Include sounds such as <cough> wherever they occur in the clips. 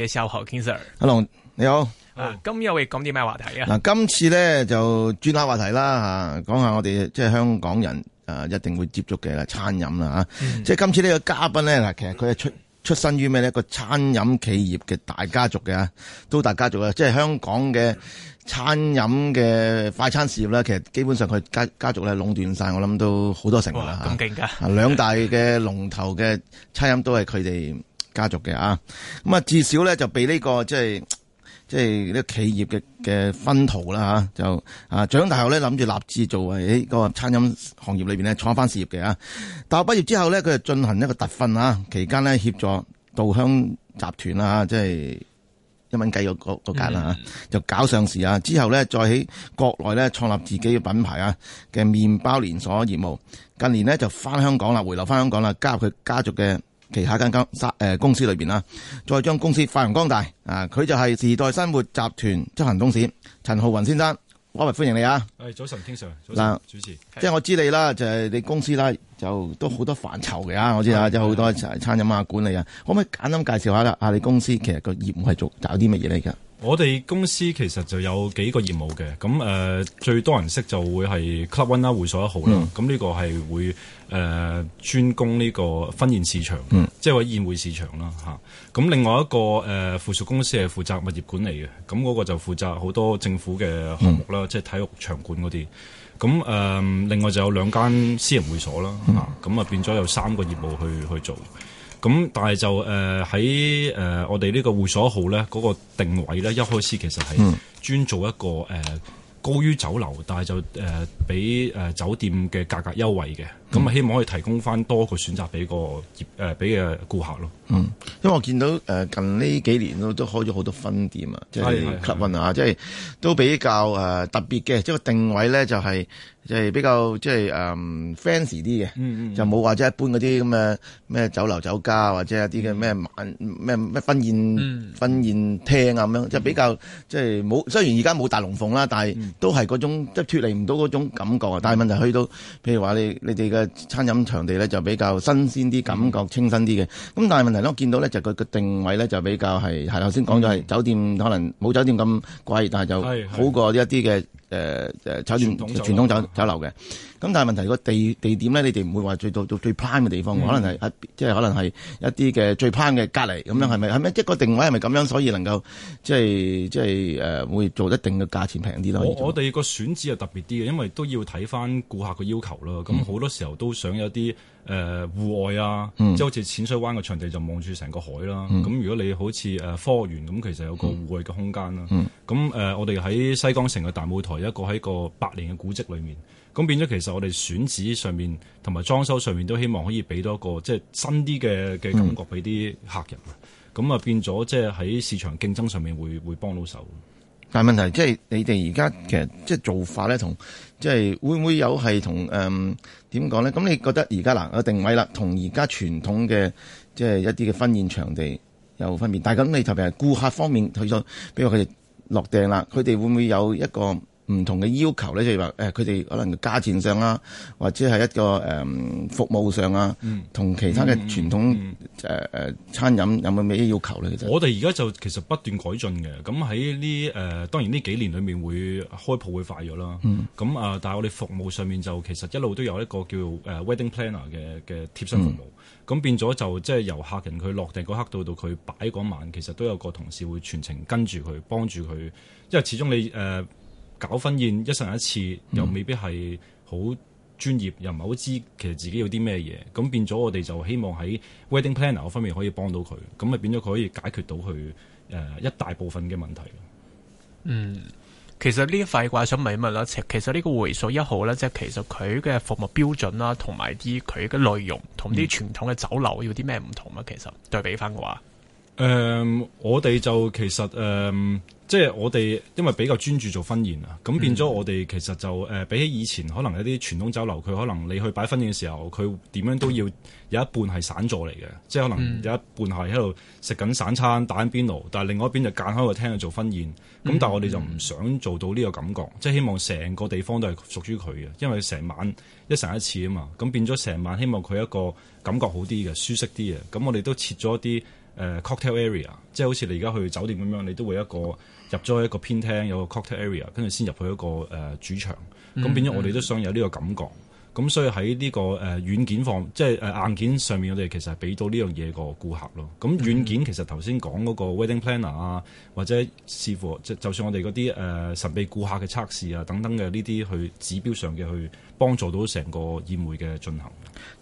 謝少學堅 Sir，阿龍你好。今日會講啲咩話題啊？嗱，今次呢就轉下話題啦吓，講、啊、下我哋即係香港人誒、啊，一定會接觸嘅餐飲啦吓。啊嗯、即係今次呢個嘉賓呢，嗱、啊，其實佢係出出身於咩呢？一個餐飲企業嘅大家族嘅，都大家族啊。族即係香港嘅餐飲嘅快餐事業咧、啊，其實基本上佢家家族咧壟斷晒，我諗都好多成啊。咁勁噶，兩大嘅龍頭嘅餐飲都係佢哋。家族嘅啊，咁啊，至少咧就被呢個即係即係呢個企業嘅嘅熏陶啦吓，就啊長大後咧諗住立志做喺個餐飲行業裏邊咧創翻事業嘅啊！大學畢業之後咧，佢就進行一個特訓啊，期間咧協助稻香集團啊，即係一蚊雞嗰間啦嚇，mm hmm. 就搞上市啊！之後咧再喺國內咧創立自己嘅品牌啊嘅麵包連鎖業務，近年呢就翻香港啦，回流翻香港啦，加入佢家族嘅。其他間公誒公司裏邊啦，再將公司發揚光大啊！佢就係時代生活集團執行董事陳浩弘先生，我啊，歡迎你啊！誒，早晨，King Sir，嗱、啊，主持，即係我知你啦，就係、是、你公司啦，就都好多範疇嘅啊！我知啊，即係好多一餐飲啊、管理啊，嗯、可唔可以簡單介紹下啦？啊，你公司其實個業務係做搞啲乜嘢嚟㗎？我哋公司其實就有幾個業務嘅，咁誒、呃、最多人識就會係 Club One 啦，會所一號啦，咁呢、mm. 個係會誒、呃、專攻呢個婚宴市場，mm. 即係話宴會市場啦嚇。咁、啊、另外一個誒、呃、附屬公司係負責物業管理嘅，咁嗰個就負責好多政府嘅項目啦，mm. 即係體育場館嗰啲。咁誒、呃、另外就有兩間私人會所啦，嚇、啊，咁啊變咗有三個業務去去做。咁但係就誒喺誒我哋呢個會所一號咧，嗰個定位咧，一開始其實係專做一個誒、呃、高於酒樓，但係就誒、呃、比誒、呃、酒店嘅價格優惠嘅。咁啊，希望可以提供翻多個選擇俾個業誒，俾嘅顧客咯。嗯，因為我見到誒近呢幾年都都開咗好多分店啊，即係 c 運啊，即係都比較誒特別嘅，即個定位咧就係即係比較即係誒 fancy 啲嘅，就冇或者一般啲咁嘅咩酒樓酒家或者一啲嘅咩晚咩咩婚宴婚、嗯、宴廳啊咁樣，即係比較即係冇。雖然而家冇大龍鳳啦，但係都係種即係脫離唔到種感覺啊。但係問題去到譬如話你你哋嘅。餐飲場地咧就比較新鮮啲，感覺清新啲嘅。咁但係問題咧，我見到咧就佢個定位咧就比較係係頭先講咗係酒店，可能冇酒店咁貴，但係就好過呢一啲嘅。誒誒，酒店、呃、傳統酒酒樓嘅，咁走走但係問題個地地點咧，你哋唔會話最到到最 prime 嘅地方，嗯、可能係一即係可能係一啲嘅最 prime 嘅隔離咁樣，係咪係咪一個定位係咪咁樣？所以能夠即係即係誒、呃、會做一定嘅價錢平啲咯。我哋個選址又特別啲嘅，因為都要睇翻顧客嘅要求咯。咁好多時候都想有啲。嗯嗯誒戶、呃、外啊，嗯、即係好似淺水灣嘅場地就望住成個海啦。咁、嗯、如果你好似誒、呃、科學園咁，其實有個戶外嘅空間啦。咁誒、嗯呃，我哋喺西江城嘅大舞台有一個喺個百年嘅古跡裏面。咁變咗其實我哋選址上面同埋裝修上面都希望可以俾多個即係、就是、新啲嘅嘅感覺俾啲客人。咁啊、嗯、變咗即係喺市場競爭上面會會幫到手。但係問題即係你哋而家其實即係做法咧，同即係會唔會有係同誒點講咧？咁、呃、你覺得而家嗱個定位啦，同而家傳統嘅即係一啲嘅婚宴場地有分別。但係咁你特別係顧客方面，佢就比如佢哋落訂啦，佢哋會唔會有一個？唔同嘅要求咧，就係話誒，佢哋可能價錢上啦，或者係一個誒、嗯、服務上啊，同其他嘅傳統誒誒、嗯嗯嗯呃、餐飲有冇咩要求咧？其實我哋而家就其實不斷改進嘅，咁喺呢誒當然呢幾年裏面會開鋪會快咗啦。咁啊、嗯呃，但係我哋服務上面就其實一路都有一個叫誒、呃、Wedding Planner 嘅嘅貼身服務，咁、嗯、變咗就即係由客人佢落訂嗰刻到到佢擺嗰晚，其實都有個同事會全程跟住佢，幫住佢，因為始終你誒。呃呃搞婚宴一生一次又未必係好專業、嗯、又唔係好知其實自己要啲咩嘢，咁變咗我哋就希望喺 wedding planner 方面可以幫到佢，咁咪變咗佢可以解決到佢誒、呃、一大部分嘅問題。嗯，其實呢一塊嘅話想問一問咧，其實呢個會所一號咧，即係其實佢嘅服務標準啦，同埋啲佢嘅內容同啲傳統嘅酒樓有啲咩唔同啊？其實對比翻嘅話。誒、嗯，我哋就其實誒、嗯，即係我哋因為比較專注做婚宴啊，咁變咗我哋其實就誒、呃，比起以前可能一啲傳統酒樓，佢可能你去擺婚宴嘅時候，佢點樣都要有一半係散座嚟嘅，即係可能有一半係喺度食緊散餐打緊邊爐，但係另外一邊就揀開個廳去做婚宴。咁但係我哋就唔想做到呢個感覺，即係、嗯、希望成個地方都係屬於佢嘅，因為成晚一成一次啊嘛，咁變咗成晚希望佢一個感覺好啲嘅，舒適啲嘅。咁我哋都設咗一啲。誒、uh, cocktail area，即係好似你而家去酒店咁樣，你都會一個入咗一個偏廳，有個 cocktail area，跟住先入去一個誒、呃、主場。咁變咗，我哋都想有呢個感覺。咁、嗯嗯、所以喺呢個誒軟件方，即係誒硬件上面，我哋其實係俾到呢樣嘢個顧客咯。咁軟件其實頭先講嗰個 wedding planner 啊，或者似乎即就算我哋嗰啲誒神秘顧客嘅測試啊，等等嘅呢啲去指標上嘅去。幫助到成個宴會嘅進行。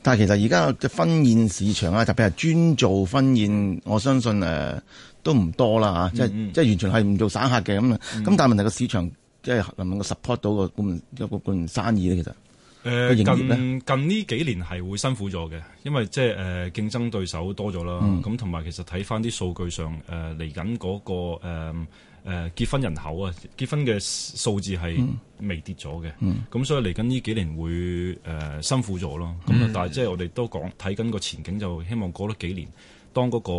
但係其實而家嘅婚宴市場啊，特別係專做婚宴，我相信誒、呃、都唔多啦嚇，即係即係完全係唔做散客嘅咁。咁但係問題個市場即係能唔能夠 support 到個咁一個咁樣生意咧，其實誒、呃、近呢幾年係會辛苦咗嘅，因為即係誒競爭對手多咗啦。咁同埋其實睇翻啲數據上誒嚟緊嗰個、呃誒、uh, 結婚人口啊，結婚嘅數字係微跌咗嘅，咁、嗯、所以嚟緊呢幾年會誒、呃、辛苦咗咯。咁但係即係我哋都講睇緊個前景，就希望過多幾年，當嗰、那個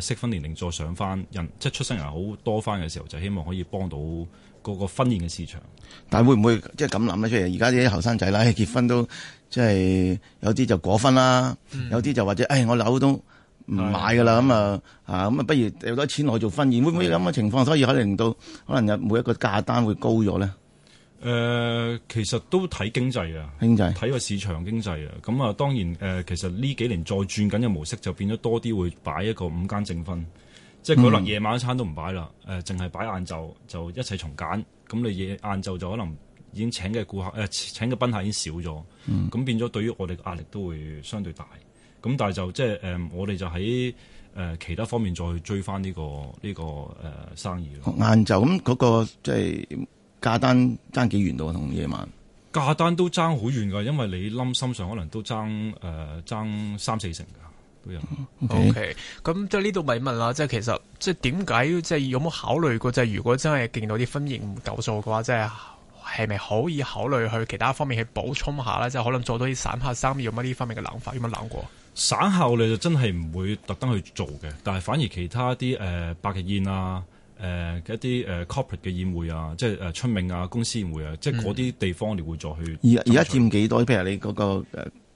誒適、呃、婚年齡再上翻人，即係出生人好多翻嘅時候，就希望可以幫到嗰個婚宴嘅市場。但係會唔會即係咁諗咧出嚟？而家啲後生仔啦，結婚都即係、就是、有啲就過婚啦、啊，有啲就或者誒、哎、我樓都。唔買噶啦，咁啊是的 啊，咁、嗯、啊，不如有多錢可做婚宴，會唔會咁嘅情況，所以可能令到可能有每一個價單會高咗咧？誒、呃，其實都睇經濟啊，經濟睇個市場經濟啊。咁、嗯、啊，當然誒、呃，其實呢幾年再轉緊嘅模式，就變咗多啲會擺一個午間證婚，即係可能夜晚一餐都唔擺啦。誒、呃，淨係擺晏晝，就一切從簡。咁你夜晏晝就可能已經請嘅顧客誒、呃，請嘅賓客已經少咗。咁、嗯、變咗，對於我哋嘅壓力都會相對大。咁但係就即係誒，我哋就喺誒、呃、其他方面再追翻呢、這個呢、這個誒、呃、生意咯。晏晝咁嗰個即係價單爭幾遠度同夜晚價單都爭好遠噶，因為你冧心上可能都爭誒爭三四成噶都有。OK，咁即係呢度咪問啦，即係其實即係點解即係有冇考慮過，即、就、係、是、如果真係見到啲分型唔夠數嘅話，即係係咪可以考慮去其他方面去補充下咧？即、就、係、是、可能做到啲散客生意，有冇呢方面嘅諗法？有冇諗過？省下你就真係唔會特登去做嘅，但係反而其他啲誒百日宴啊、誒、呃、一啲誒 corporate 嘅宴會啊，即係誒春茗啊、公司宴會啊，即係啲地方你會再去。而而家佔幾多？譬如你、嗰個誒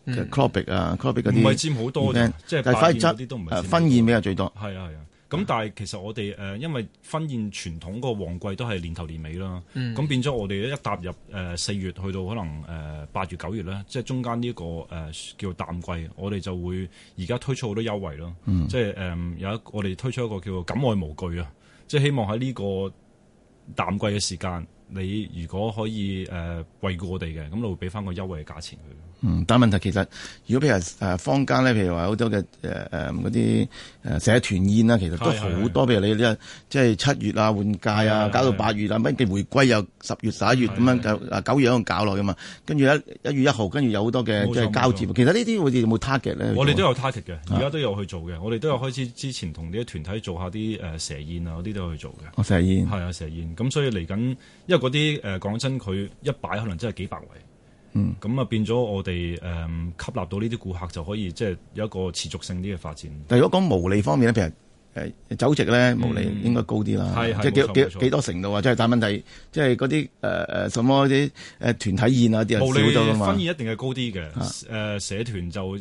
誒 club 啊，club 嗰啲唔係佔好多嘅，即係百日宴啲都唔係，誒婚宴比較最多。係啊係啊。咁但係其實我哋誒、呃，因為婚宴傳統個旺季都係年頭年尾啦，咁、嗯、變咗我哋一踏入誒四、呃、月，去到可能誒八、呃、月九月咧，即係中間呢、這個誒、呃、叫淡季，我哋就會而家推出好多優惠咯，嗯、即係誒、呃、有一我哋推出一個叫做感愛無懼啊，即係希望喺呢個淡季嘅時間。你如果可以誒惠顧我哋嘅，咁你會俾翻個優惠嘅價錢佢。嗯，但係問題其實，如果譬如誒坊間咧，譬如話好多嘅誒誒嗰啲誒社團宴啦，其實都好多。譬如你即係七月啊、換屆啊，搞到八月啊，乜嘢迴歸又十月十一月咁樣九月九樣搞落㗎嘛。跟住一一月一號，跟住有好多嘅即係交接。其實呢啲我哋有冇 target 咧？我哋都有 target 嘅，而家都有去做嘅。我哋都有開始之前同呢啲團體做下啲誒蛇宴啊嗰啲都有去做嘅。蛇宴係啊，蛇宴。咁所以嚟緊，因為嗰啲誒，講、呃、真，佢一擺可能真係幾百位，嗯，咁啊變咗我哋誒、呃，吸納到呢啲顧客就可以即係有一個持續性啲嘅發展。但如果講毛利方面咧，譬如。誒走值咧，無理應該高啲啦，即係幾幾幾多程度啊？即係大問題，即係嗰啲誒誒什麼啲誒團體宴啊啲，啊，利到㗎嘛。婚宴一定係高啲嘅，誒社團就誒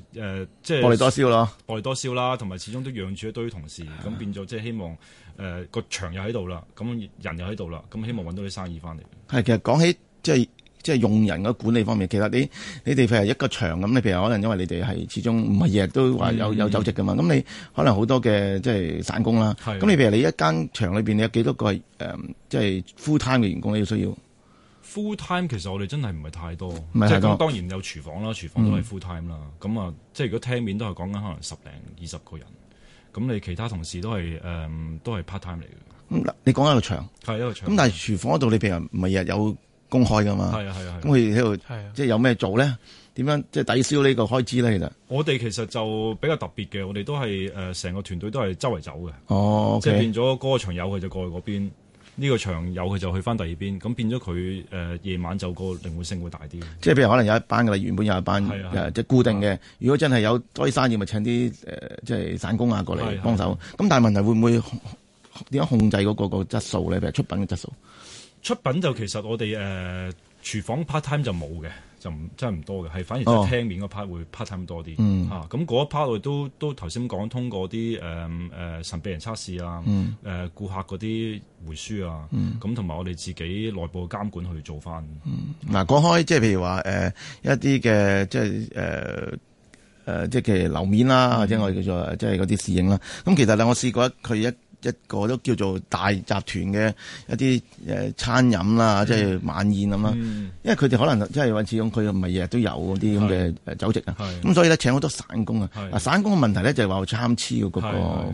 即係薄利多銷咯，薄利多銷啦，同埋始終都養住一堆同事，咁變咗即係希望誒個場又喺度啦，咁人又喺度啦，咁希望揾到啲生意翻嚟。係其實講起即係。即係用人嘅管理方面，其實你你哋譬如一個場咁，你譬如可能因為你哋係始終唔係日日都話有、嗯、有酒席嘅嘛，咁你可能好多嘅即係散工啦。咁的你譬如你一間場裏邊，你有幾多個係誒即係 full time 嘅員工？你要需要 full time 其實我哋真係唔係太多，即係咁當然有廚房啦，廚房都係 full time 啦。咁啊、嗯，即係如果廳面都係講緊可能十零二十個人，咁你其他同事都係誒、呃、都係 part time 嚟嘅。咁你講一個場，咁但係廚房嗰度你譬如唔係日有。公開㗎嘛？係啊，係啊咁佢喺度，係啊即係有咩做咧？點樣即係抵消呢個開支咧？其實我哋其實就比較特別嘅，我哋都係誒成個團隊都係周圍走嘅。哦，okay、即係變咗嗰個場有佢就過去嗰邊，呢、呢個場有佢就去翻第二邊。咁變咗佢誒夜晚就嗰個靈活性會大啲。即係譬如可能有一班嘅啦，原本有一班誒即係固定嘅。係啊如果真係有多啲生意，咪請啲誒、呃、即係散工啊過嚟幫手。咁係啊但係問題會唔會點樣控制嗰個個質素咧？譬如出品嘅質素。出品就其實我哋誒、呃、廚房 part time 就冇嘅，就唔真係唔多嘅，係反而就廳面嗰 part 會 part time 多啲嚇。咁嗰 part 我哋都都頭先講通過啲誒誒神秘人測試啊，誒、嗯呃、顧客嗰啲回書啊，咁同埋我哋自己內部嘅監管去做翻。嗱講、嗯啊、開即係譬如話誒、呃、一啲嘅即係誒誒即係樓面啦、啊，嗯、或者我哋叫做即係嗰啲侍應啦。咁其實咧，我試過佢一,一。一個都叫做大集團嘅一啲誒餐飲啦、啊，的即係晚宴咁啊。嗯、因為佢哋可能即係話，始終佢又唔係日日都有嗰啲咁嘅誒酒席啊。咁的所以咧請好多散工啊。啊的，散工嘅問題咧就係話參差嘅個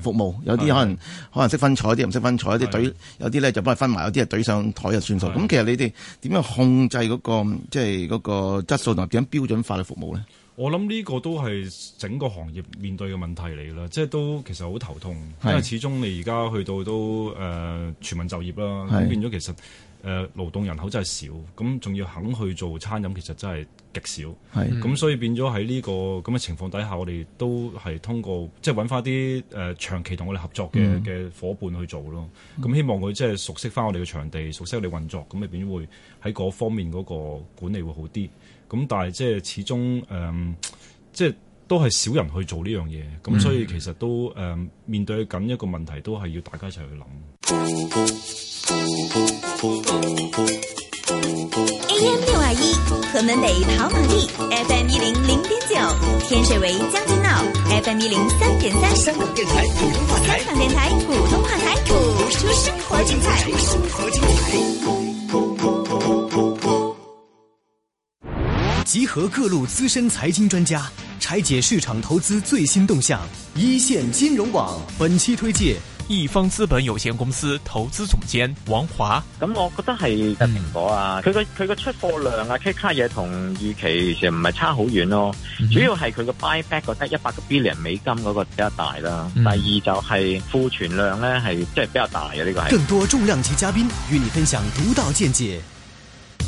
服務，的有啲可能的可能識分菜，啲唔識分菜，啲隊有啲咧就幫佢分埋，有啲啊隊上枱就算數。咁的的其實你哋點樣控制嗰、嗰個即係嗰個質素同點樣標準化嘅服務咧？我諗呢個都係整個行業面對嘅問題嚟啦，即係都其實好頭痛，是因為始終你而家去到都誒、呃、全民就業啦，咁是變咗其實誒呃、勞動人口真係少，咁、嗯、仲要肯去做餐飲，其實真係極少。咁是所以變咗喺呢個咁嘅情況底下，我哋都係通過即係揾翻啲誒長期同我哋合作嘅嘅夥伴去做咯。咁、嗯嗯、希望佢即係熟悉翻我哋嘅場地，熟悉我哋運作，咁咪變會喺嗰方面嗰個管理會好啲。咁但係即係始終，誒、呃，即、就、係、是、都係少人去做呢樣嘢，咁、嗯、所以其實都，誒、呃，面對緊一個問題，都係要大家一齊去諗。A M 六二一，屯門北跑馬地 F M 一零零點九，天水圍將軍澳 F M 一零三點三，香港電台普通話台，香港電台普通話台，播出生活精彩。集合各路資深財經專家，拆解市場投資最新動向。一線金融網本期推介，億方資本有限公司投資總監王華。咁我覺得係、嗯、蘋果啊，佢個佢個出貨量啊，其他嘢同預期其實唔係差好遠咯。嗯、主要係佢個 buyback 覺得一百個 billion 美金嗰個比較大啦。嗯、第二就係庫存量咧係即係比較大嘅呢、這個係。更多重量級嘉賓與你分享獨到見解。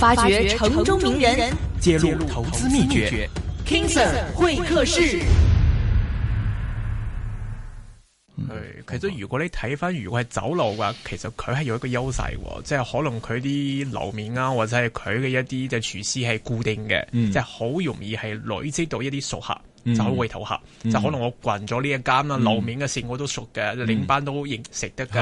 發掘城中名人，揭露投資秘訣。King Sir 會客室，誒，其實如果你睇翻，如果係走路嘅話，其實佢係有一個優勢，哦，即係可能佢啲樓面啊，或者係佢嘅一啲即廚師係固定嘅，即係好容易係纍積到一啲熟客。就好回頭客，就可能我慣咗呢一間啦，樓面嘅事我都熟嘅，領班都認識得嘅，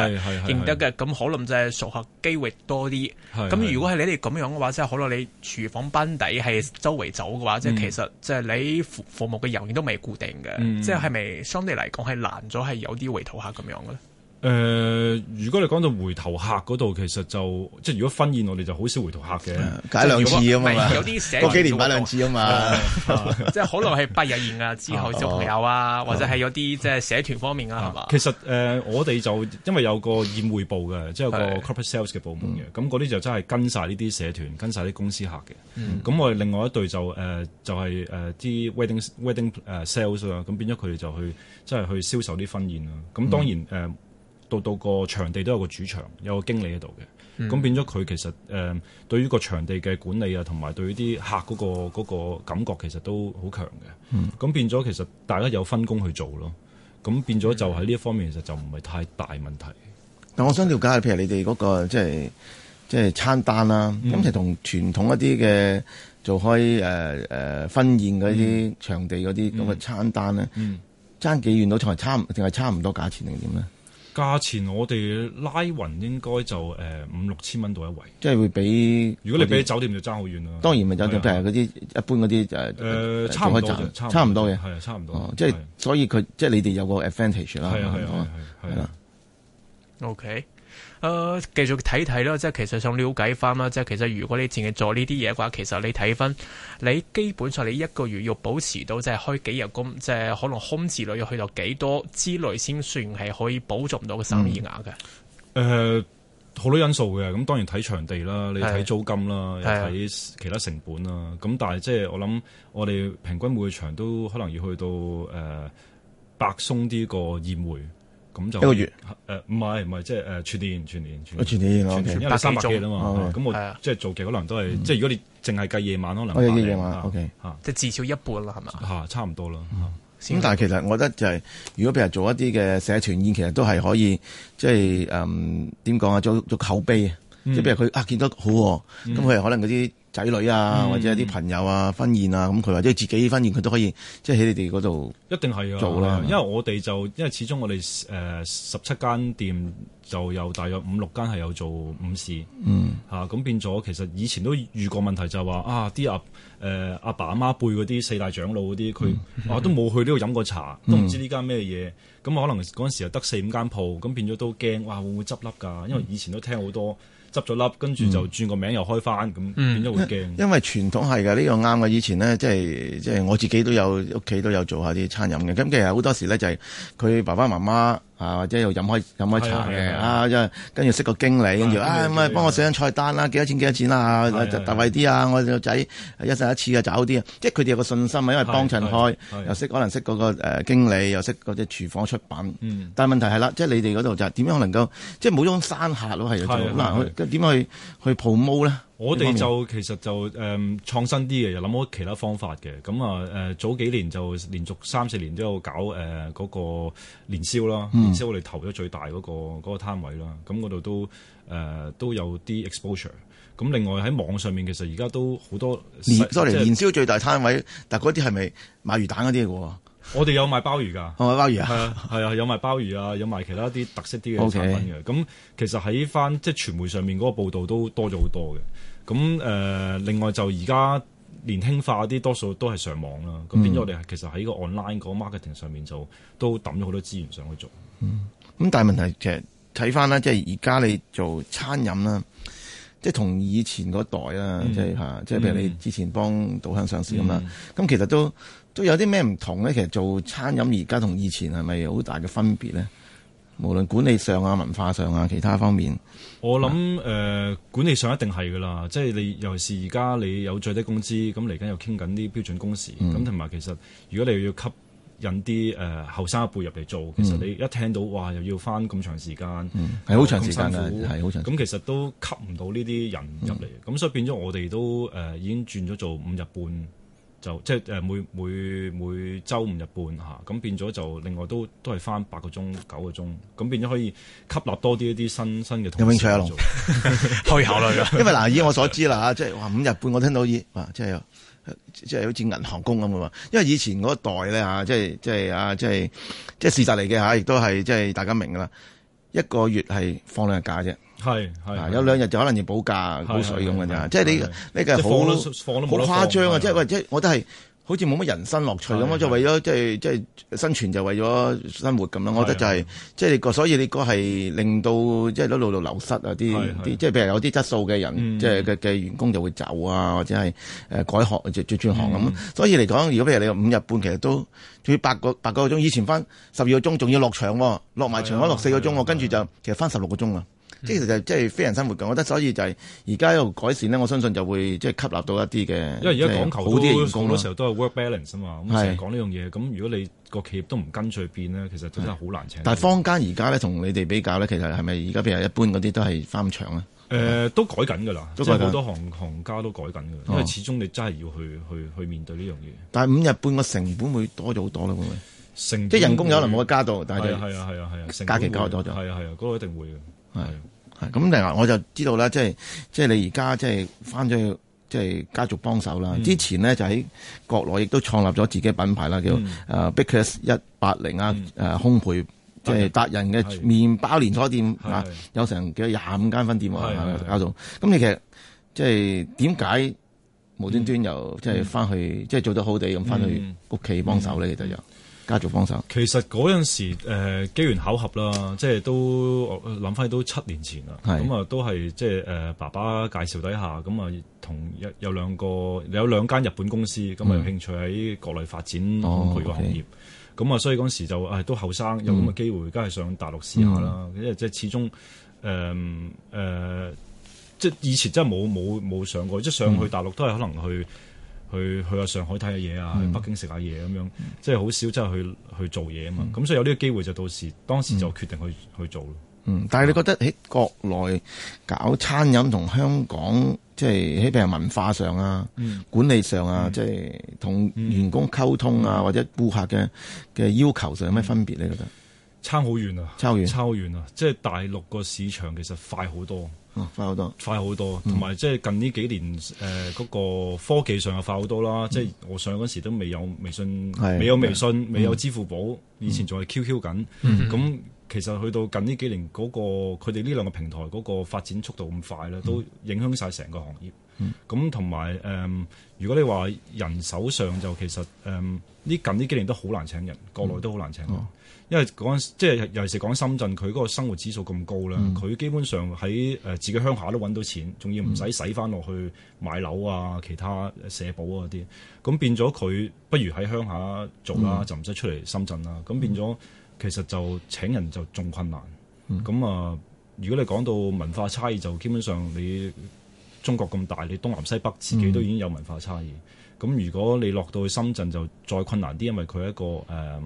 認得嘅，咁可能就係熟客機會多啲。咁如果係你哋咁樣嘅話，即係可能你廚房班底係周圍走嘅話，即係其實即係你服服務嘅人員都未固定嘅，即係係咪相對嚟講係難咗，係有啲回頭客咁樣嘅咧？誒，如果你講到回頭客嗰度，其實就即係如果婚宴，我哋就好少回頭客嘅，結兩次啊嘛，有啲社幾年擺兩次啊嘛，即係可能係百日宴啊，之後做朋友啊，或者係有啲即係社團方面啊，係嘛？其實誒，我哋就因為有個宴會部嘅，即係有個 corporate sales 嘅部門嘅，咁嗰啲就真係跟晒呢啲社團，跟晒啲公司客嘅。咁我哋另外一隊就誒，就係誒啲 wedding wedding 誒 sales 啦，咁變咗佢哋就去即係去銷售啲婚宴啦。咁當然誒。到到個場地都有個主場，有個經理喺度嘅，咁、嗯、變咗佢其實誒、呃、對於個場地嘅管理啊，同埋對於啲客嗰、嗰個嗰個感覺，其實都好強嘅。咁、嗯、變咗其實大家有分工去做咯，咁變咗就喺呢一方面，其實就唔係太大問題。嗯、但我想了解下，譬如你哋嗰、嗰個即係即係餐單啦，咁就同傳統一啲嘅做開誒誒、呃呃、婚宴嗰啲、嗯、場地嗰啲咁嘅餐單咧，爭幾、嗯、遠都係差，定係差唔多價錢定點咧？價錢我哋拉勻應該就誒五六千蚊到一位，即係會比如果你比酒店就爭好遠啦。當然唔係酒店，就係嗰啲一般嗰啲就係差唔多，差唔多嘅，係差唔多。即係所以佢即係你哋有個 advantage 啦。係啊係啊係啊。OK。誒、呃、繼續睇睇咯，即係其實想了解翻啦，即係其實如果你淨係做呢啲嘢嘅話，其實你睇翻，你基本上你一個月要保持到即係開幾日工，即係可能空置率要去到幾多之類先算係可以保足到個生意額嘅。誒、嗯、好、呃、多因素嘅，咁當然睇場地啦，你睇租金啦，的又睇其他成本啦。咁的但係即係我諗，我哋平均每場都可能要去到誒百、呃、鬆啲個宴會。一個月，誒唔係唔係，即係誒全年全年全年，百三百幾啦嘛，咁我即係做極可能都係，即係如果你淨係計夜晚可能，計夜晚，O K，嚇，即係至少一半啦，係咪？嚇，差唔多啦。咁但係其實我覺得就係，如果譬如做一啲嘅社團宴，其實都係可以，即係誒點講啊？做做口碑，即係譬如佢啊見得好，咁佢可能嗰啲。仔女啊，或者啲朋友啊，婚宴啊，咁佢或者自己婚宴佢都可以，即係喺你哋嗰度一定係要做啦。因為我哋就因為始終我哋誒十七間店就有大約五六間係有做午市，嗯吓，咁、啊、變咗其實以前都遇過問題就，就係話啊啲阿誒阿爸阿媽輩嗰啲四大長老嗰啲佢我都冇去呢度飲過茶，都唔知呢間咩嘢。咁、啊嗯嗯、可能嗰陣時又得四五間鋪，咁變咗都驚哇會唔會執笠㗎？因為以前都聽好多。執咗粒，跟住就轉個名又開翻，咁、嗯、變咗會驚。因為傳統係㗎，呢、呢個啱㗎。以前呢、即係，即係即係我自己都有屋企都有做下啲餐飲嘅。咁其實好多時咧就係佢爸爸媽媽。啊，或者又飲開飲開茶嘅，啊，跟住識個經理，跟住啊，咁啊幫我寫緊菜單啦，幾多錢幾多錢啦，就大惠啲啊！我個仔一世一次啊，找啲啊，即係佢哋有個信心啊，因為幫襯開，又識可能識嗰個誒經理，又識嗰隻廚房出品。但係問題係啦，即係你哋嗰度就點樣能夠，即係冇種山客咯，係啊，好難去，點樣去去 promote 咧？我哋就其實就誒創新啲嘅，又諗好其他方法嘅。咁啊誒早幾年就連續三四年都有搞誒嗰、呃嗰個年宵啦，嗯、年宵我哋投咗最大嗰、嗰個嗰、嗰個、攤位啦。咁嗰度都誒、呃、都有啲 exposure。咁另外喺網上面其實而家都好多 年 s 宵最大攤位，但嗰啲係咪賣魚蛋嗰啲㗎喎？我哋有賣鮑魚㗎，賣 <laughs> 是鮑魚啊，係啊，有賣鮑魚啊，有賣其他啲特色啲嘅產品嘅。咁 Okay 其實喺翻即係傳媒上面嗰個報導都多咗好多嘅。咁誒、呃，另外就而家年輕化啲，多數都係上網啦。咁變咗我哋其實喺個 online 個 marketing 上面就都揼咗好多資源上去做。咁但係問題其實睇翻啦，即係而家你做餐飲啦，即係同以前嗰代啦，嗯、即係嚇，即係譬如你之前幫稻香上市咁啦。咁、嗯、其實都都有啲咩唔同咧？其實做餐飲而家同以前係咪好大嘅分別咧？無論管理上啊、文化上啊、其他方面，我諗想誒是、呃，管理上一定係噶啦，即係你尤其是而家你有最低工資，咁嚟緊又傾緊啲標準工時，咁同埋其實如果你要吸引啲誒後生一輩入嚟做，其實你一聽到哇又要返咁長時間，係好、嗯、長時間嘅，係好長，咁其實都吸唔到呢啲人入嚟，咁、嗯、所以變咗我哋都誒、呃、已經轉咗做五日半。就即係誒，每每每周五日半吓，咁、啊、變咗就另外都都係返八個鐘九個鐘，咁變咗可以吸納多啲一啲新新嘅有，有興趣啊龍可以考慮噶因為嗱以我所知啦吓，即係話五日半，我聽到以，即係即係好似銀行工咁嘛。因為以前嗰代咧吓，即係即係啊，即係即係、啊、事實嚟嘅吓，亦、啊、都係即係大家明噶啦，一個月係放兩日假啫。係係啊，有兩日就可能要補價、補水咁噶咋。即係你呢個好好誇張啊！即係喂，即係我覺得係好似冇乜人生樂趣咁。我就為咗即係即係生存，就為咗生活咁咯。我覺得就係即係你個，所以你個係令到即係一路路流失啊。啲即係譬如有啲質素嘅人，即係嘅嘅員工就會走啊，或者係誒改學轉轉行咁。所以嚟講，如果譬如你五日半，其實都仲要八個八個鐘。以前翻十二個鐘，仲要落場落埋場，可能落四個鐘，跟住就其實翻十六個鐘啦。即係其實即係非常生活咁，我覺得所以就係而家又改善咧，我相信就會即係吸納到一啲嘅。因為而家講求好多時候都係 work balance 啊嘛，咁成日講呢樣嘢。咁如果你個企業都唔跟隨變咧，其實真係好難請但。但係坊間而家咧，同你哋比較咧，其實係咪而家譬如一般嗰啲都係返場咧？誒、呃，都改緊噶啦，的即係好多行行家都改緊噶。嗯、因為始終你真係要去去去面對呢樣嘢。但係五日半個成本會多咗好多咯，會唔會？即係人工有可能冇加到，但係係啊係啊係啊，假期加多咗就係啊係啊，嗰度一定會嘅。係，係咁，另外我就知道啦，即係即係你而家即係翻咗去，即係家族幫手啦。之前咧就喺國內亦都創立咗自己品牌啦，叫誒、嗯 uh, Bakers 一八零啊，誒烘焙即係達人嘅麵包連鎖店啊，有成幾廿五間分店啊，阿教授。咁、嗯、你其實即係點解無端端又即係翻去即係做得好哋咁翻去屋企幫手咧？其實又？家族幫手，其實嗰陣時誒、呃、機緣巧合啦，即係都諗翻都七年前啦，咁啊是都係即係誒、呃、爸爸介紹底下，咁啊同一有兩個有兩間日本公司，咁啊有興趣喺國內發展烘焙個行業，咁啊、哦 okay 嗯、所以嗰陣時就係、哎、都後生有咁嘅機會，梗係上大陸試下啦，嗯、因為即係始終誒誒、呃呃，即係以前真係冇冇冇上過，即、就、係、是、上去大陸都係可能去。去去下上海睇下嘢啊，去北京食下嘢咁樣，即係好少真係去去做嘢啊嘛。咁所以有呢個機會就到時，當時就決定去去做咯。嗯，但係你覺得喺國內搞餐飲同香港，即係喺譬如文化上啊、管理上啊，即係同員工溝通啊，或者顧客嘅嘅要求上有咩分別？你覺得差好遠啊！差好遠！差好遠啊！即係大陸個市場其實快好多。哦、快好多，快好多，同埋即係近呢幾年，誒、呃、嗰、嗰個科技上又快好多啦。嗯、即係我上嗰時都未有微信，未是有微信，未、嗯、有支付寶，嗯、以前仲係 QQ 緊。咁其實去到近呢幾年、嗰個，個佢哋呢兩個平台嗰個發展速度咁快咧，都影響晒成個行業。咁同埋誒，如果你話人手上就其實誒，呢、呃、近呢幾年都好難請人，國內都好難請人。嗯哦因為講即係尤其是講深圳，佢嗰個生活指數咁高啦，佢、嗯、基本上喺誒自己鄉下都揾到錢，仲要唔使使翻落去買樓啊、其他社保啊啲，咁變咗佢不如喺鄉下做啦，嗯、就唔使出嚟深圳啦。咁、嗯、變咗、嗯、其實就請人就仲困難。咁啊、嗯，如果你講到文化差異，就基本上你中國咁大，你東南西北自己都已經有文化差異。咁、嗯、如果你落到去深圳就再困難啲，因為佢係一個誒，嗯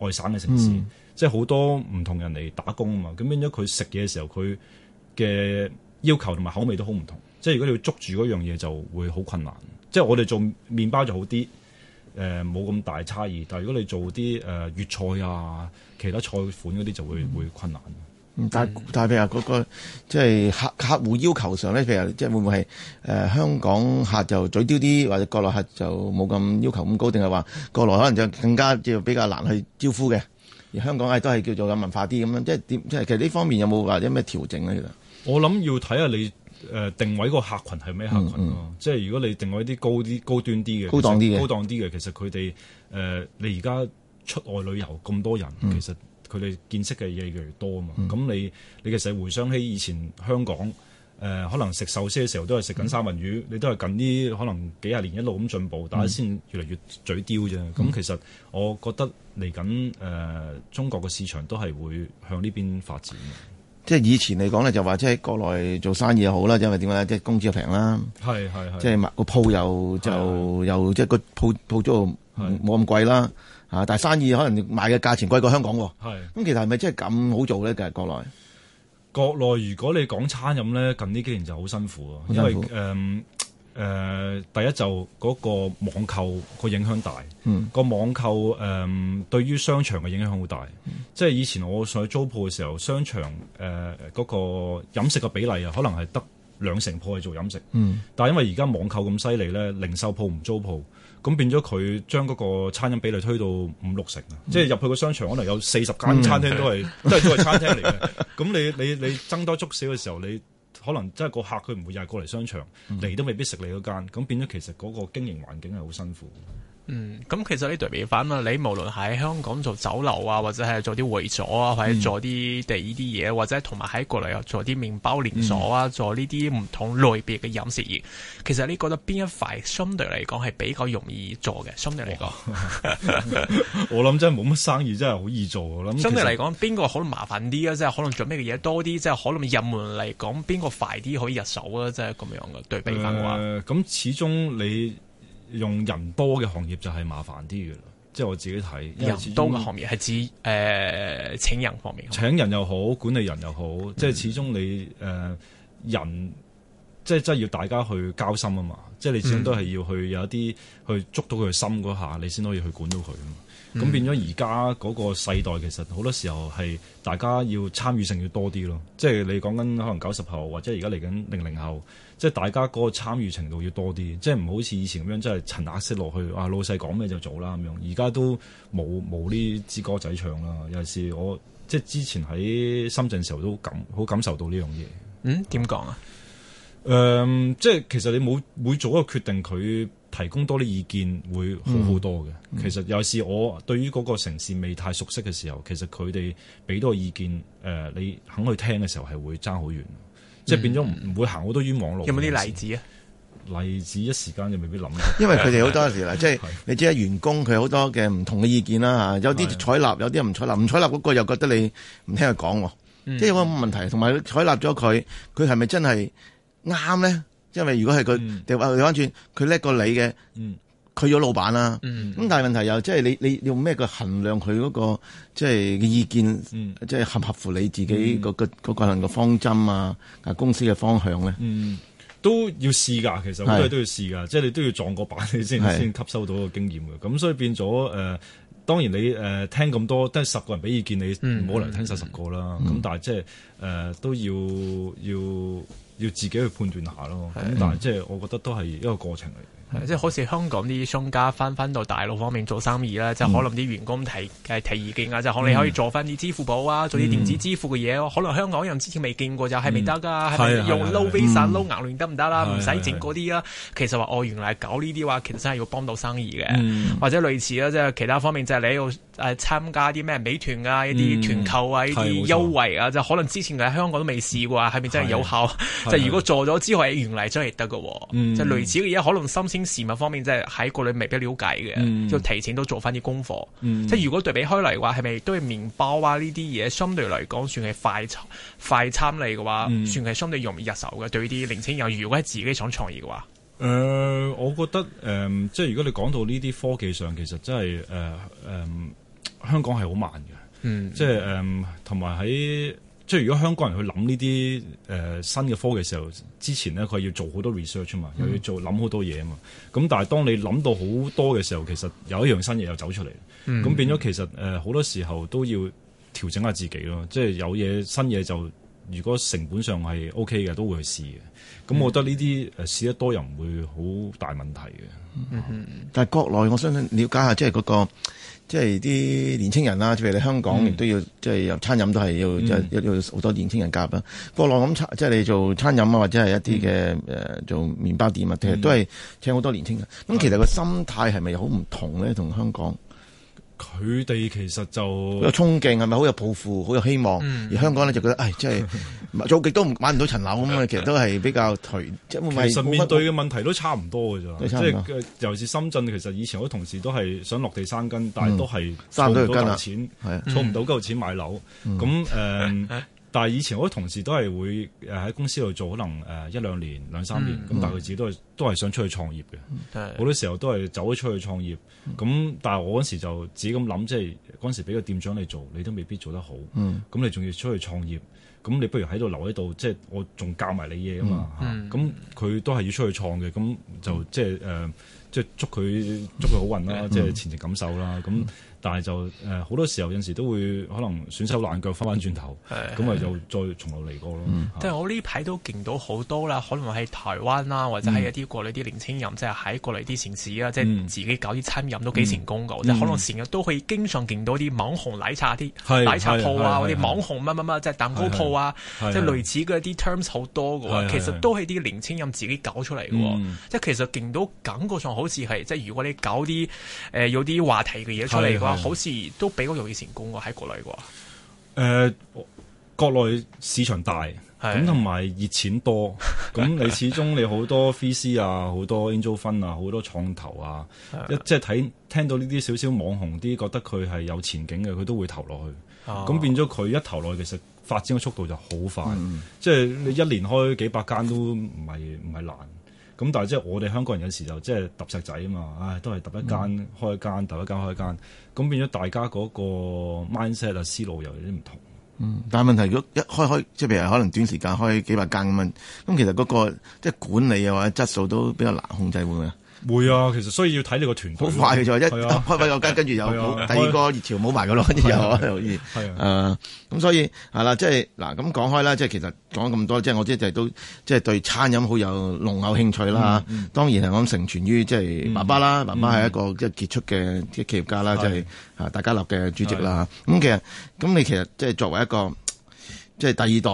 外省嘅城市，嗯、即係好多唔同人嚟打工啊嘛，咁變咗佢食嘢嘅時候，佢嘅要求同埋口味都好唔同，即係如果你要捉住嗰樣嘢就會好困難，即係我哋做麵包就好啲，誒冇咁大差異，但係如果你做啲誒粵菜啊、其他菜款嗰啲就會、嗯、會困難。但但譬如嗱，嗰個即係客客戶要求上咧，譬如即係會唔會係誒、呃、香港客就嘴刁啲，或者國內客就冇咁要求咁高，定係話國內可能就更加即比較難去招呼嘅？而香港誒都係叫做有文化啲咁樣，即係點？即係其實呢方面有冇或者咩調整咧？其實我諗要睇下你誒定位個客群係咩客群咯、啊，嗯嗯、即係如果你定位啲高啲高端啲嘅，高檔啲嘅高檔啲嘅，其實佢哋誒你而家出外旅遊咁多人，其實、嗯。嗯佢哋見識嘅嘢越嚟越多啊嘛，咁、嗯、你你其實回想起以前香港誒、呃，可能食壽司嘅時候都係食緊三文魚，嗯、你都係近啲可能幾十年一路咁進步，大家先越嚟越嘴刁啫。咁、嗯、其實我覺得嚟緊誒中國嘅市場都係會向呢邊發展嘅。即係以前嚟講咧，就話即係國內做生意又好啦，因為點解咧？即係工資又平啦，係係，即係物個鋪又就又即係個鋪鋪租冇咁貴啦。係係。啊！但係生意可能賣嘅價錢貴過香港喎、啊。係。咁其實係咪真係咁好做咧？其實是是是國內，國內如果你講餐飲咧，近呢幾年就好辛苦啊。苦因為誒誒、呃呃，第一就嗰個網購個影響大。嗯。個網購誒、呃、對於商場嘅影響好大。嗯、即係以前我上去租鋪嘅時候，商場誒嗰、呃嗰個飲食嘅比例啊，可能係得兩成鋪去做飲食。嗯。但係因為而家網購咁犀利咧，零售鋪唔租鋪。咁變咗佢將嗰個餐飲比例推到五六成，嗯、即係入去個商場可能有四十間餐廳都係都係都係餐廳嚟嘅。咁你你你僧多粥少嘅時候，你可能真係個客佢唔會又係過嚟商場嚟、嗯、都未必食你嗰間。咁變咗其實嗰個經營環境係好辛苦。嗯，咁其實呢對比翻啦，你無論喺香港做酒樓啊，或者係做啲會所啊，或者做啲第二啲嘢，嗯、或者同埋喺國內又做啲麵包連鎖啊，嗯、做呢啲唔同類別嘅飲食業，其實你覺得邊一塊相對嚟講係比較容易做嘅？相對嚟講哇 <laughs> <laughs> ，我諗真係冇乜生意真係好易做啦。相對嚟講，邊個可能麻煩啲啊？即、就、係、是、可能準備嘅嘢多啲？即、就、係、是、可能入門嚟講，邊個快啲可以入手啊？即係咁樣嘅對比翻嘅話，咁、呃、始終你。用人多嘅行業就係麻煩啲嘅啦，即係我自己睇。人多嘅行業係指誒、呃、請人方面，請人又好，管理人又好，嗯、即係始終你誒、呃、人。即係真係要大家去交心啊嘛！即係你始終都係要去有一啲去捉到佢嘅心嗰下，你先可以去管到佢啊嘛！咁、嗯、變咗而家嗰個世代其實好多時候係大家要參與性要多啲咯。即係你講緊可能九十後或者而家嚟緊零零後，即係大家嗰個參與程度要多啲。即係唔好似以前咁樣真係陳壓式落去啊！老細講咩就做啦咁樣。而家都冇冇呢支歌仔唱啦。嗯、尤其是我即係之前喺深圳時候都感好感受到呢樣嘢。嗯，點講啊？誒、嗯，即係其實你每做一個決定，佢提供多啲意見會好好多嘅。嗯嗯、其實尤其是我對於嗰個城市未太熟悉嘅時候，其實佢哋俾多個意見，誒、呃，你肯去聽嘅時候係會爭好遠，即係變咗唔會行好多冤枉路。有冇啲例子啊？例子一時間就未必諗。因為佢哋好多時啦，即係你知啊，員工佢好多嘅唔同嘅意見啦吓，有啲採納，有啲唔採納，唔採納嗰個又覺得你唔聽佢講，嗯、即係有冇問題。同埋採納咗佢，佢係咪真係？啱咧，因為如果係佢，就話轉翻轉，佢叻過你嘅，佢咗老闆啦。咁但係問題又即係你你用咩去衡量佢嗰個即係嘅意見，即係合唔合乎你自己個個個個人個方針啊，公司嘅方向咧，都要試噶。其實好多都要試噶，即係你都要撞個板你先先吸收到個經驗嘅。咁所以變咗誒，當然你誒聽咁多，即係十個人俾意見你，唔可能聽晒十個啦。咁但係即係誒都要要。要自己去判斷下咯，咁但係即係我覺得都係一個過程嚟。即係好似香港啲商家翻翻到大陸方面做生意啦，就可能啲員工提提意見啊，就可能你可以做翻啲支付寶啊，做啲電子支付嘅嘢咯。可能香港人之前未見過就係未得噶，係咪用撈 o w visa low 亂得唔得啦？唔使整嗰啲啊。其實話哦原來搞呢啲話其實真係要幫到生意嘅，或者類似啦，即係其他方面，即係你喺度誒參加啲咩美團啊，一啲團購啊，依啲優惠啊，即可能之前佢喺香港都未試過，係咪真係有效？就如果做咗之後，原來真係得嘅，就類似嘅嘢，可能事物方面，即係喺國內未必了解嘅，就、嗯、提前都做翻啲功課。嗯、即係如果對比開嚟嘅話，係咪都係麵包啊呢啲嘢相對嚟講算係快快餐嚟嘅話，嗯、算係相對容易入手嘅。對啲年青人，如果係自己想創業嘅話，誒、呃，我覺得誒、呃，即係如果你講到呢啲科技上，其實真係誒誒，香港係好慢嘅，嗯、即係誒，同埋喺。即係如果香港人去諗呢啲誒新嘅科嘅時候，之前咧佢要做好多 research 啊嘛，mm hmm. 又要做諗好多嘢啊嘛。咁但係當你諗到好多嘅時候，其實有一樣新嘢又走出嚟，咁、mm hmm. 變咗其實誒好、呃、多時候都要調整下自己咯。即係有嘢新嘢就如果成本上係 OK 嘅，都會去試嘅。咁我覺得呢啲誒試得多又唔會好大問題嘅。Mm hmm. 啊、但係國內我想了解下，即係嗰個。即係啲年青人啊，譬如你香港、嗯、亦都要，即係有餐飲都係要，即係要要好多年青人夾啦。不過我諗，即係你做餐飲啊，或者係一啲嘅誒做麵包店啊，其實都係請好多年青人。咁其實個心態係咪好唔同咧？同香港？佢哋其實就有衝勁，係咪好有抱負，好有希望？嗯、而香港呢，就覺得，唉，即係做極都唔買唔到層樓咁樣。其實都係比較頹。即係其實會唔會面對嘅問題都差唔多嘅啫。即係尤其是深圳，其實以前好啲同事都係想落地生根，但係都係儲唔到夠錢，係啊，嗯，唔到、嗯、到夠錢買樓。咁誒、嗯。嗯嗯但係以前我啲同事都係會誒喺公司度做，可能誒一兩年兩三年，咁、嗯、但係佢自己都係都係想出去創業嘅。好、嗯、多時候都係走咗出去創業。咁、嗯、但係我嗰時就自己咁諗，即係嗰時俾個店長你做，你都未必做得好。咁、嗯、你仲要出去創業，咁你不如喺度留喺度，即、就、係、是、我仲教埋你嘢啊嘛。咁佢都係要出去創嘅，咁就即係誒，即、就、係、是呃就是、祝佢祝佢好運啦，即係前程錦繡啦，咁、嗯。嗯嗯但係就誒好多時候有陣時都會可能損手爛腳翻翻轉頭，咁咪就再從頭嚟過咯。即係我呢排都見到好多啦，可能喺台灣啦，或者係一啲過嚟啲年輕人，即係喺過嚟啲城市啊，即係自己搞啲餐飲都幾成功噶。即係可能成日都可以經常見到啲網紅奶茶啲奶茶鋪啊，啲網紅乜乜乜，即係蛋糕鋪啊，即係類似啲 terms 好多噶。其實都係啲年輕人自己搞出嚟噶。即係其實勁到感覺上好似係即係如果你搞啲誒有啲話題嘅嘢出嚟嘅話。好似都比較容易成功喺國內啩？誒、呃，國內市場大，咁同埋熱錢多，咁 <laughs> 你始終你好多 VC 啊，好多 Angel Fund 啊，好多創投啊，的一即係睇聽到呢啲少少網紅啲，覺得佢係有前景嘅，佢都會投落去。咁、哦、變咗佢一投落去，其實發展嘅速度就好快，嗯、即係你一年開幾百間都唔係唔係難。咁但係即係我哋香港人有時就即係揼石仔啊嘛，唉都係揼一間開一間揼、嗯、一間開一間，咁變咗大家嗰個 mindset 啊思路又有啲唔同。嗯，但係問題如果一開開即係譬如可能短時間開幾百間咁樣，咁其實嗰、嗰個即係管理啊或者質素都比較難控制會唔會啊？會啊，其實需要睇你個團隊。好快嘅，就一開翻個間，跟住又第二個熱潮冇埋嘅咯，跟住又可以。係啊，咁所以係啦，即係嗱咁講開啦，即係其實講咁多，即係我即係都即係對餐飲好有濃厚興趣啦嚇。當然係我承傳於即係爸爸啦，爸爸係一個即係傑出嘅啲企業家啦，即係啊大家樂嘅主席啦。咁其實咁你其實即係作為一個。即係第二代，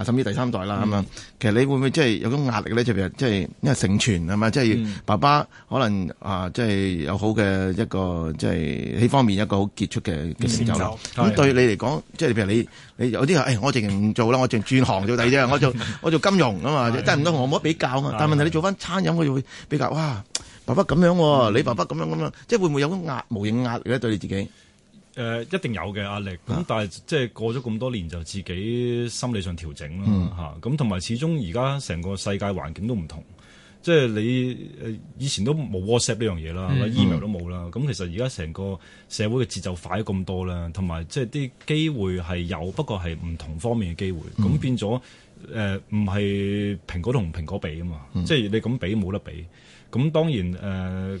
啊甚至第三代啦咁樣，嗯、其實你會唔會即係有種壓力咧？即係即係因為承傳啊嘛，是是嗯、即係爸爸可能啊即係有好嘅一個即係呢方面一個好傑出嘅成就，咁對你嚟講，即係譬如你你有啲誒、哎，我淨係唔做啦，我淨係轉行做第啫，我做我做金融啊嘛，得唔得？我冇得比較啊嘛。但係問題你做翻餐飲，我就會比較哇，爸爸咁樣喎，啊，你爸爸咁樣咁、啊、樣，嗯、即係會唔會有種壓無形壓力咧對你自己？誒一定有嘅壓力，咁但係即係過咗咁多年，就自己心理上調整啦嚇。咁同埋始終而家成個世界環境都唔同，即係你誒以前都冇 WhatsApp 呢樣嘢啦，email 都冇啦。咁其實而家成個社會嘅節奏快咗咁多啦，同埋即係啲機會係有，不過係唔同方面嘅機會。咁變咗誒，唔係蘋果同蘋果比啊嘛，即係你咁比冇得比。咁當然誒。呃呃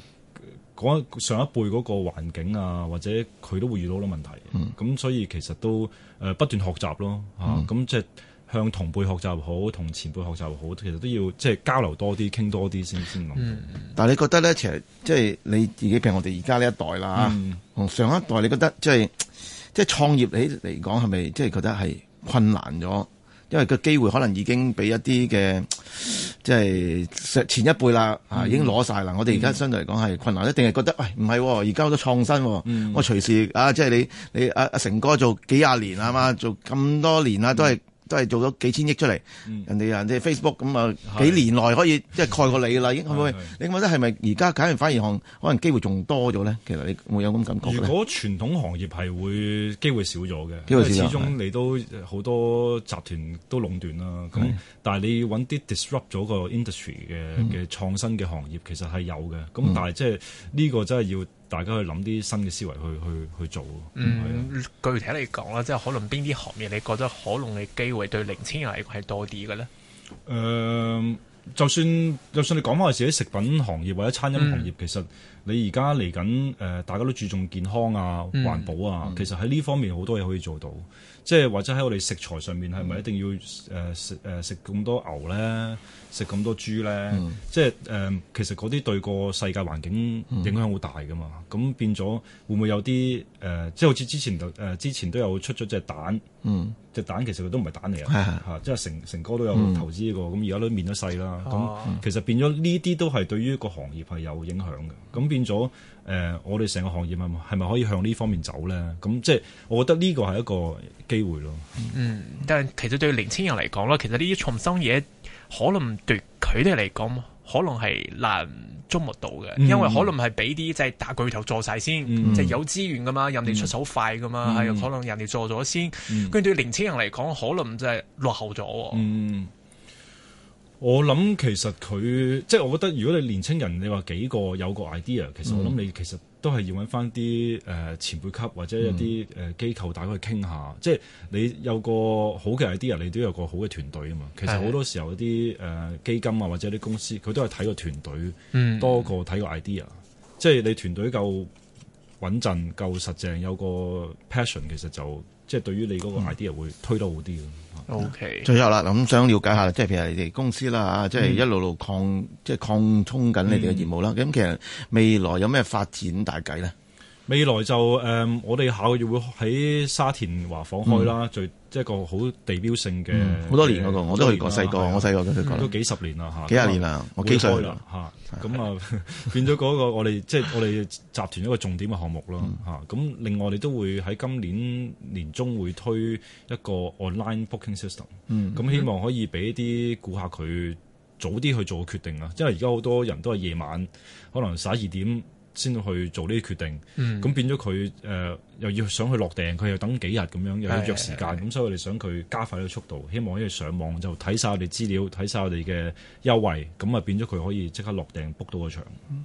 講上一輩嗰個環境啊，或者佢都會遇到好多問題，咁、嗯、所以其實都誒不斷學習咯嚇，咁、嗯啊、即係向同輩學習好，同前輩學習好，其實都要即係交流多啲，傾多啲先先咯。嗯、但係你覺得咧，其實即係、就是、你自己譬如我哋而家呢一代啦，同、嗯、上一代，你覺得即係即係創業起嚟講係咪即係覺得係困難咗？因為個機會可能已經俾一啲嘅即係前一輩啦，啊已經攞晒啦。嗯、我哋而家相對嚟講係困難，嗯、一定係覺得，喂唔係，而家好多創新、哦，嗯、我隨時啊，即係你你阿阿、啊、成哥做幾廿年啊嘛，做咁多年啦、嗯、都係。都係做咗幾千億出嚟，人哋人哋 Facebook 咁啊，幾年內可以即係蓋過你啦，應唔應？你覺得係咪而家假如反而行可能機會仲多咗咧？其實你會有咁感覺。如果傳統行業係會機會少咗嘅，因為始終你都好多集團都壟斷啦。咁但係你要揾啲 disrupt 咗個 industry 嘅嘅創新嘅行業，其實係有嘅。咁但係即係呢個真係要。大家去諗啲新嘅思維去去去做。嗯，的具體嚟講咧，即係可能邊啲行業你覺得可能你機會對年青人嚟係多啲嘅咧？誒、呃，就算就算你講返自己食品行業或者餐飲行業，嗯、其實。你而家嚟緊誒，大家都注重健康啊、環保啊，其實喺呢方面好多嘢可以做到，即係或者喺我哋食材上面係咪一定要誒食誒食咁多牛咧，食咁多豬咧？即係誒，其實嗰啲對個世界環境影響好大㗎嘛。咁變咗會唔會有啲誒？即係好似之前就之前都有出咗隻蛋，隻蛋其實佢都唔係蛋嚟啊，即係誠誠哥都有投資呢個，咁而家都面咗細啦。咁其實變咗呢啲都係對於個行業係有影響嘅。咁變咗誒、呃，我哋成個行業係咪係咪可以向呢方面走咧？咁即係我覺得呢個係一個機會咯。嗯，但係其實對年輕人嚟講咧，其實呢啲創新嘢可能對佢哋嚟講，可能係難捉摸到嘅，因為可能係俾啲即係打巨頭做晒先，即係、嗯、有資源噶嘛，人哋出手快噶嘛，係、嗯、可能人哋做咗先。跟住、嗯、對年輕人嚟講，可能就係落後咗、啊。嗯我諗其實佢即係我覺得，如果你年青人你話幾個有個 idea，其實我諗你其實都係要搵返啲誒前輩級或者一啲誒機構，大家去傾下。嗯、即係你有個好嘅 idea，你都有個好嘅團隊啊嘛。其實好多時候啲誒、呃、基金啊或者啲公司，佢都係睇個團隊多過睇個，個 idea、嗯。即係你團隊夠穩陣、夠實淨、有個 passion，其實就～即係對於你嗰個 idea、嗯、會推得好啲嘅。OK，最後啦，咁想了解下，即係譬如你哋公司啦嚇，即係、嗯、一路路擴，即係擴充緊你哋嘅業務啦。咁、嗯、其實未來有咩發展大計咧？未來就誒，我哋下個月會喺沙田華房開啦，最即係一個好地標性嘅。好多年嗰個，我都去過細個，我細個都都幾十年啦，吓幾廿年啦，我幾歲啦，吓咁啊，變咗嗰個我哋即係我哋集團一個重點嘅項目咯，吓咁。另外，我哋都會喺今年年中會推一個 online booking system，咁希望可以俾啲顧客佢早啲去做決定啊，因為而家好多人都係夜晚，可能十一二點。先去做呢啲決定，咁、嗯、變咗佢誒又要想去落訂，佢又等幾日咁樣，又要約時間，咁的所以我哋想佢加快呢個速度，希望一上網就睇晒我哋資料，睇晒我哋嘅優惠，咁啊變咗佢可以即刻落訂 book 到個場。嗯